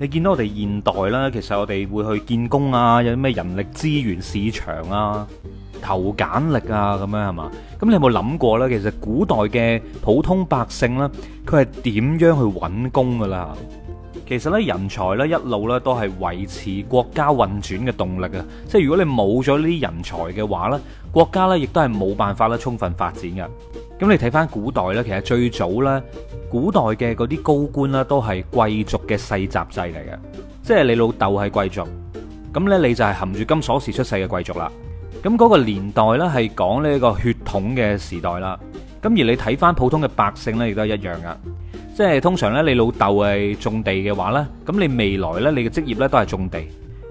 你見到我哋現代啦，其實我哋會去見工啊，有啲咩人力資源市場啊、投簡歷啊咁樣係嘛？咁你有冇諗過呢？其實古代嘅普通百姓呢，佢係點樣去揾工㗎啦？其實咧，人才咧一路咧都係維持國家運轉嘅動力啊！即係如果你冇咗呢啲人才嘅話咧，國家咧亦都係冇辦法咧充分發展嘅。咁你睇翻古代咧，其實最早咧，古代嘅嗰啲高官咧都係貴族嘅世襲制嚟嘅，即係你老豆係貴族，咁咧你就係含住金鎖匙出世嘅貴族啦。咁嗰個年代咧係講呢個血統嘅時代啦。咁而你睇翻普通嘅百姓咧，亦都係一樣噶。即係通常呢，你老豆係種地嘅話呢，咁你未來呢，你嘅職業呢都係種地。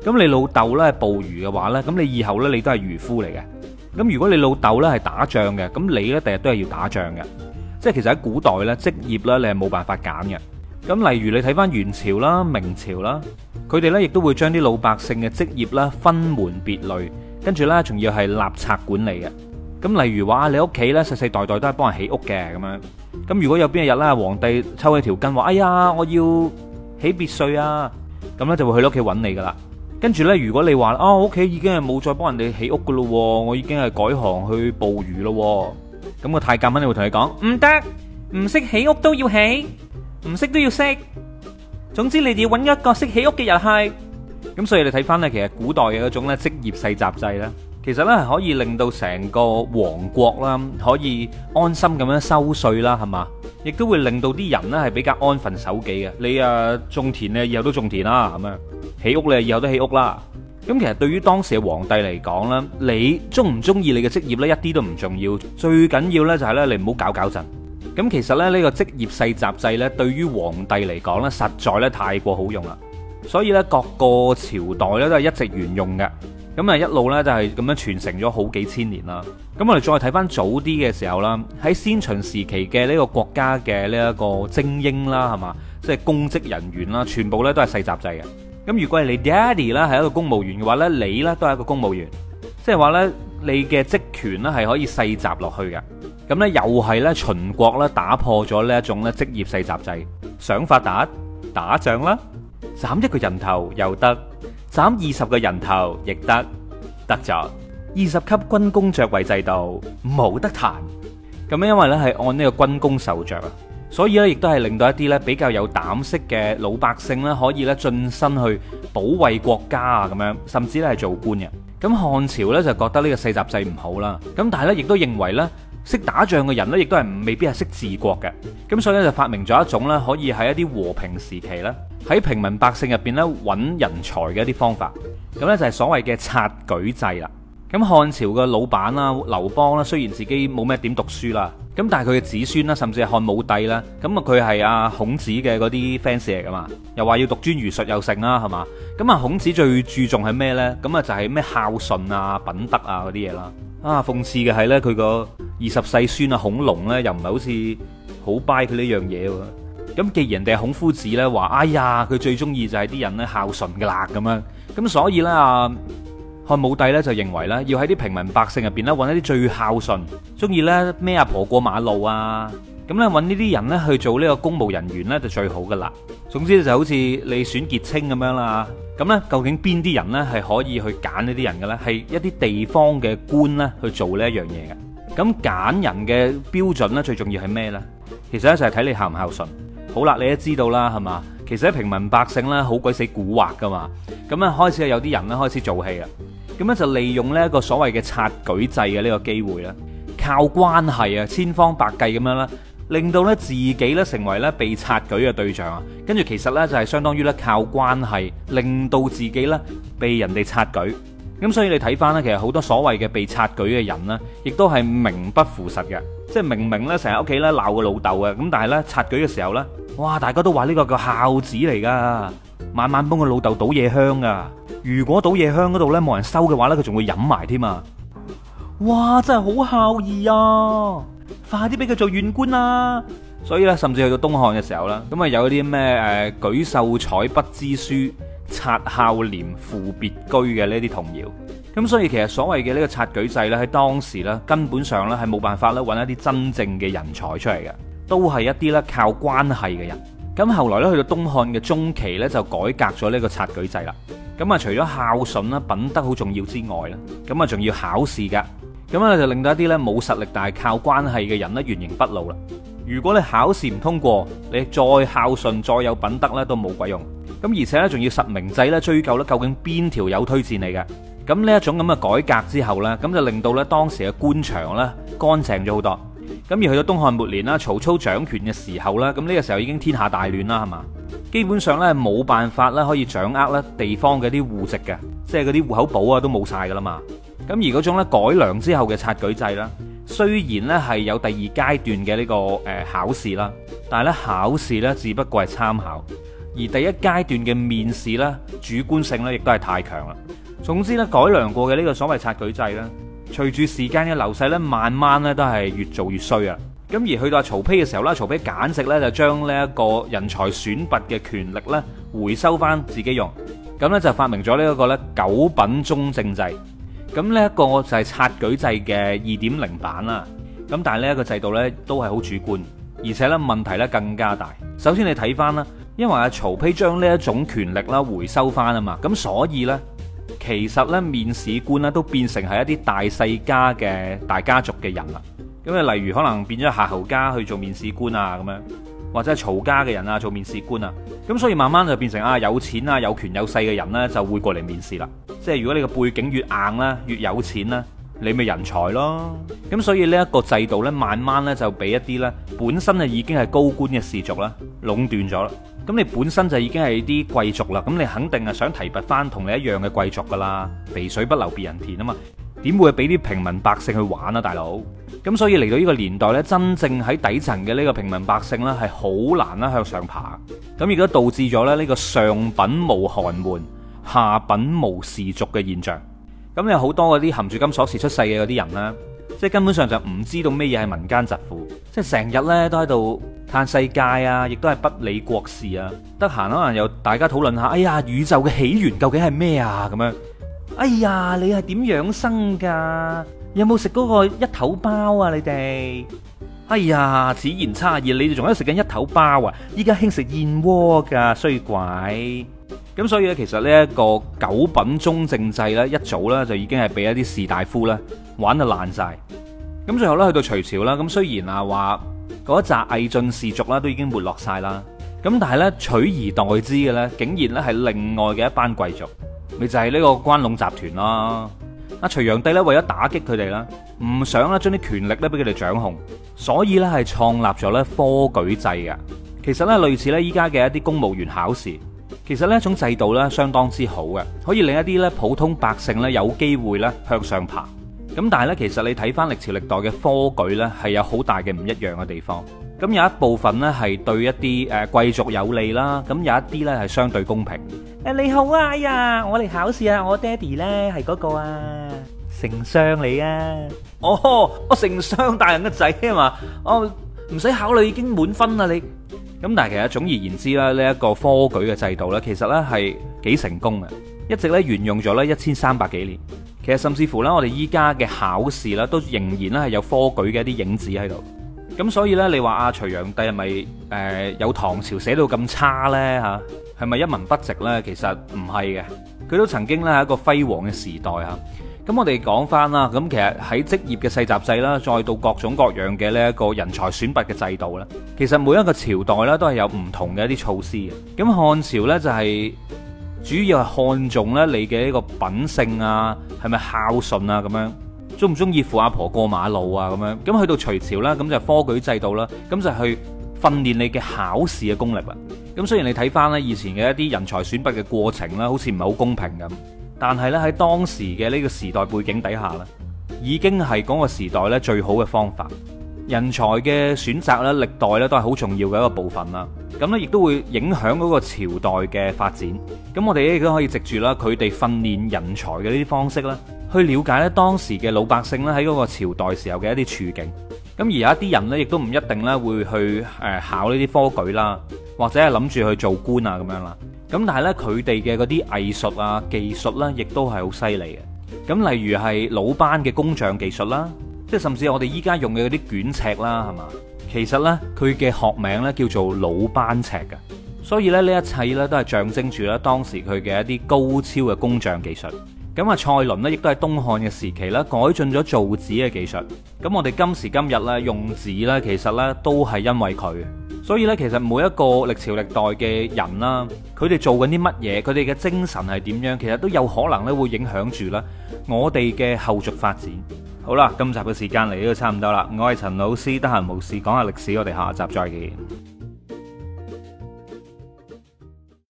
咁你老豆呢係捕魚嘅話呢，咁你以後呢，你都係漁夫嚟嘅。咁如果你老豆呢係打仗嘅，咁你呢第日都係要打仗嘅。即係其實喺古代呢，職業呢你係冇辦法揀嘅。咁例如你睇返元朝啦、明朝啦，佢哋呢亦都會將啲老百姓嘅職業啦分門別類，跟住呢，仲要係立冊管理嘅。咁例如話，你屋企咧世世代代都係幫人起屋嘅咁樣。咁如果有邊一日咧，皇帝抽起條筋話，哎呀，我要起別墅啊！咁咧，就會去你屋企搵你噶啦。跟住咧，如果你話，啊，屋企已經係冇再幫人哋起屋噶咯，我已經係改行去捕魚咯。咁個太監肯定會同你講，唔得，唔識起屋都要起，唔識都要識。總之，你哋要搵一個識起屋嘅人去。咁所以你睇翻咧，其實古代嘅嗰種咧職業世襲制咧。其實咧係可以令到成個王國啦，可以安心咁樣收稅啦，係嘛，亦都會令到啲人呢係比較安分守己嘅。你啊種田呢，以後都種田啦；咁樣起屋呢，以後都起屋啦。咁其實對於當時嘅皇帝嚟講咧，你中唔中意你嘅職業呢，一啲都唔重要。最緊要呢就係呢，你唔好搞搞震。咁其實咧呢個職業世襲制呢，對於皇帝嚟講呢，實在呢太過好用啦。所以呢各個朝代呢都係一直沿用嘅。咁啊一路咧就係咁樣傳承咗好幾千年啦。咁我哋再睇翻早啲嘅時候啦，喺先秦時期嘅呢個國家嘅呢一個精英啦，係嘛，即係公職人員啦，全部咧都係世襲制嘅。咁如果係你爹哋啦係一個公務員嘅話呢，你呢都係一個公務員，即係話呢，你嘅職權呢係可以世襲落去嘅。咁呢，又係呢，秦國呢打破咗呢一種呢職業世襲制，想發達打仗啦，斬一個人頭又得。斬二十個人頭亦得，得咗二十級軍功爵位制度冇得彈。咁樣，因為咧係按呢個軍功授爵啊，所以咧亦都係令到一啲咧比較有膽識嘅老百姓咧可以咧晉身去保衛國家啊，咁樣甚至咧係做官嘅。咁漢朝咧就覺得呢個世襲制唔好啦，咁但係咧亦都認為咧。識打仗嘅人咧，亦都係未必係識治國嘅。咁所以咧就發明咗一種咧，可以喺一啲和平時期咧，喺平民百姓入邊咧搵人才嘅一啲方法。咁咧就係所謂嘅察舉制啦。咁漢朝嘅老闆啦，劉邦啦，雖然自己冇咩點讀書啦，咁但係佢嘅子孫啦，甚至係漢武帝啦，咁啊佢係孔子嘅嗰啲 fans 嚟噶嘛，又話要讀尊儒術又成啦，係嘛？咁啊孔子最注重係咩咧？咁啊就係咩孝順啊、品德啊嗰啲嘢啦。啊！諷刺嘅係咧，佢個二十世孫啊，孔融咧又唔係好似好拜佢呢樣嘢喎。咁既然人哋係孔夫子咧話，哎呀，佢最中意就係啲人咧孝順㗎啦咁樣。咁所以咧啊，漢武帝咧就認為咧，要喺啲平民百姓入邊咧揾一啲最孝順，中意咧咩阿婆過馬路啊。咁咧揾呢啲人咧去做呢個公務人員咧就最好噶啦。總之咧就好似你選傑青咁樣啦。咁咧究竟邊啲人咧係可以去揀呢啲人嘅咧？係一啲地方嘅官咧去做呢一樣嘢嘅。咁揀人嘅標準咧最重要係咩咧？其實咧就係睇你孝唔孝順。好啦，你都知道啦，係嘛？其實啲平民百姓咧好鬼死蠱惑噶嘛。咁咧開始係有啲人咧開始做戲啦。咁咧就利用呢一個所謂嘅察舉制嘅呢個機會啦，靠關係啊，千方百計咁樣啦。令到咧自己咧成為咧被察舉嘅對象啊，跟住其實咧就係相當於咧靠關係，令到自己咧被人哋察舉。咁所以你睇翻咧，其實好多所謂嘅被察舉嘅人呢亦都係名不符實嘅，即係明明咧成日喺屋企咧鬧個老豆嘅，咁但係咧察舉嘅時候呢，哇！大家都話呢個叫孝子嚟噶，晚晚幫個老豆倒夜香噶。如果倒夜香嗰度咧冇人收嘅話呢，佢仲會飲埋添啊！哇！真係好孝義啊！快啲俾佢做縣官啦！所以咧，甚至去到東漢嘅時候啦，咁啊有啲咩誒舉秀才不知書，察孝廉父別居嘅呢啲童謠。咁所以其實所謂嘅呢個察舉制咧，喺當時咧根本上咧係冇辦法咧揾一啲真正嘅人才出嚟嘅，都係一啲咧靠關係嘅人。咁後來咧去到東漢嘅中期咧就改革咗呢個察舉制啦。咁啊除咗孝順啦、品德好重要之外咧，咁啊仲要考試㗎。咁咧就令到一啲咧冇實力但係靠關係嘅人咧，原形畢露啦。如果你考試唔通過，你再孝順再有品德咧，都冇鬼用。咁而且咧，仲要實名制咧追究咧，究竟邊條友推薦你嘅？咁呢一種咁嘅改革之後咧，咁就令到咧當時嘅官場咧，乾淨咗好多。咁而去到東漢末年啦，曹操掌權嘅時候啦，咁、這、呢個時候已經天下大亂啦，係嘛？基本上咧冇辦法啦，可以掌握咧地方嘅啲戶籍嘅，即係嗰啲戶口簿啊，都冇晒噶啦嘛。咁而嗰種咧改良之後嘅察舉制啦，雖然咧係有第二階段嘅呢個誒考試啦，但係咧考試咧只不過係參考，而第一階段嘅面試咧，主觀性咧亦都係太強啦。總之咧，改良過嘅呢個所謂察舉制咧，隨住時間嘅流逝咧，慢慢咧都係越做越衰啊。咁而去到曹丕嘅時候啦，曹丕簡直咧就將呢一個人才選拔嘅權力咧回收返自己用，咁咧就發明咗呢一個咧九品中正制。咁呢一個就係察舉制嘅二點零版啦，咁但係呢一個制度呢都係好主觀，而且呢問題呢更加大。首先你睇翻，啦，因為阿曹丕將呢一種權力啦回收翻啊嘛，咁所以呢，其實呢面試官呢都變成係一啲大世家嘅大家族嘅人啦，咁啊例如可能變咗夏侯家去做面試官啊咁樣。或者係曹家嘅人啊，做面試官啊，咁所以慢慢就變成啊有錢啊有權有勢嘅人呢、啊，就會過嚟面試啦。即係如果你個背景越硬咧、啊，越有錢咧、啊，你咪人才咯。咁所以呢一個制度呢，慢慢呢就俾一啲呢本身啊已經係高官嘅士族啦，壟斷咗啦。咁你本身就已經係啲貴族啦，咁你肯定係想提拔翻同你一樣嘅貴族噶啦，肥水不流別人田啊嘛。點會俾啲平民百姓去玩啊，大佬？咁所以嚟到呢個年代呢，真正喺底層嘅呢個平民百姓呢，係好難咧向上爬。咁亦都導致咗咧呢個上品無寒門，下品無士族嘅現象。咁有好多嗰啲含住金鎖匙出世嘅嗰啲人啦，即係根本上就唔知道咩嘢係民間疾苦，即係成日呢都喺度嘆世界啊，亦都係不理國事啊。得閒可能又大家討論下，哎呀宇宙嘅起源究竟係咩啊？咁樣，哎呀你係點養生㗎？有冇食嗰個一頭包啊？你哋，哎呀，此言差異，你哋仲喺食緊一頭包啊？依家興食燕窩噶，衰鬼。咁所以咧，其實呢一個九品中正制咧，一早咧就已經係俾一啲士大夫咧玩到爛晒。咁最後咧去到隋朝啦，咁雖然啊話嗰一紮魏晉士族啦都已經沒落晒啦，咁但係咧取而代之嘅咧，竟然咧係另外嘅一班貴族，咪就係、是、呢個關隴集團咯。阿隋煬帝咧，為咗打擊佢哋啦，唔想咧將啲權力咧俾佢哋掌控，所以咧係創立咗咧科舉制嘅。其實咧類似咧依家嘅一啲公務員考試，其實呢一種制度咧相當之好嘅，可以令一啲咧普通百姓咧有機會咧向上爬。咁但係咧，其實你睇翻歷朝歷代嘅科舉咧，係有好大嘅唔一樣嘅地方。咁有一部分咧係對一啲誒貴族有利啦，咁有一啲咧係相對公平。誒你好啊，哎呀，我哋考試啊，我爹哋咧係嗰個啊。丞相你啊！哦，我丞相大人嘅仔啊嘛，哦，唔使考慮，已經滿分啦。你咁，但係其實總而言之啦，呢一個科舉嘅制度呢，其實呢係幾成功嘅，一直呢沿用咗呢一千三百幾年。其實甚至乎呢，我哋依家嘅考試呢，都仍然呢係有科舉嘅一啲影子喺度。咁所以呢，你話阿隋煬帝係咪誒有唐朝寫到咁差呢？吓？係咪一文不值呢？其實唔係嘅，佢都曾經呢係一個輝煌嘅時代啊。咁我哋講翻啦，咁其實喺職業嘅世襲制啦，再到各種各樣嘅呢一個人才選拔嘅制度啦，其實每一個朝代咧都係有唔同嘅一啲措施嘅。咁漢朝呢，就係主要係看重呢你嘅呢個品性啊，係咪孝順啊咁樣，中唔中意扶阿婆過馬路啊咁樣。咁去到隋朝啦，咁就科舉制度啦，咁就去訓練你嘅考試嘅功力啦。咁雖然你睇翻咧以前嘅一啲人才選拔嘅過程啦，好似唔係好公平咁。但係咧喺當時嘅呢個時代背景底下咧，已經係嗰個時代咧最好嘅方法。人才嘅選擇咧，歷代咧都係好重要嘅一個部分啦。咁咧亦都會影響嗰個朝代嘅發展。咁我哋亦都可以藉住啦佢哋訓練人才嘅呢啲方式啦，去了解咧當時嘅老百姓咧喺嗰個朝代時候嘅一啲處境。咁而有一啲人咧，亦都唔一定咧會去誒考呢啲科舉啦。或者係諗住去做官啊咁樣啦，咁但係呢，佢哋嘅嗰啲藝術啊、技術呢、啊，亦都係好犀利嘅。咁例如係魯班嘅工匠技術啦，即係甚至我哋依家用嘅嗰啲捲尺啦，係嘛？其實呢，佢嘅學名呢叫做魯班尺嘅。所以咧呢一切呢都係象徵住咧當時佢嘅一啲高超嘅工匠技術。咁啊蔡倫呢，亦都係東漢嘅時期咧改進咗造紙嘅技術。咁我哋今時今日咧用紙咧其實咧都係因為佢。所以咧，其實每一個歷朝歷代嘅人啦，佢哋做緊啲乜嘢，佢哋嘅精神係點樣，其實都有可能咧會影響住咧我哋嘅後續發展。好啦，今集嘅時間嚟到差唔多啦，我係陳老師，得閒無事講下歷史，我哋下集再見。